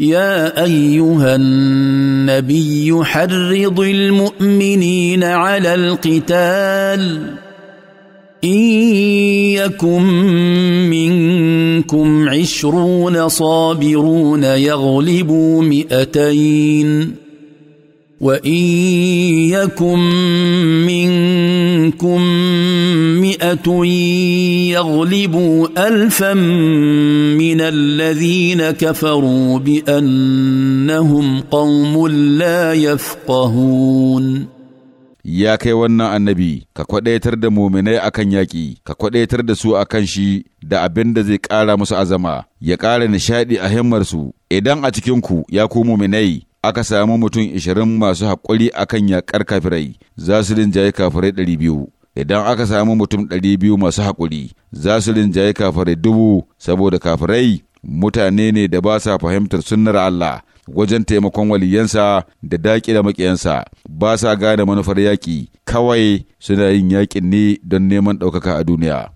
يا ايها النبي حرض المؤمنين على القتال ان يكن منكم عشرون صابرون يغلبوا مئتين وان يكن منكم مئة يغلبوا ألفا من الذين كفروا بأنهم قوم لا يفقهون ya kai wannan annabi ka kwadaitar da muminai akan yaƙi ka kwadaitar da su akan shi da abin da zai ƙara musu azama ya ƙara nishaɗi a himmarsu idan a cikinku ya ku muminai aka samu mutum ishirin masu haƙuri akan yaƙar kafirai za su rinjaye kafirai ɗari biyu idan aka samu mutum ɗari biyu masu haƙuri za su rinjaye kafirai dubu saboda kafarai mutane ne da ba sa fahimtar sunnar Allah wajen taimakon waliyansa da daƙi da maƙiyansa ba sa gane manufar yaƙi kawai suna yin yaƙin ne don neman ɗaukaka a duniya.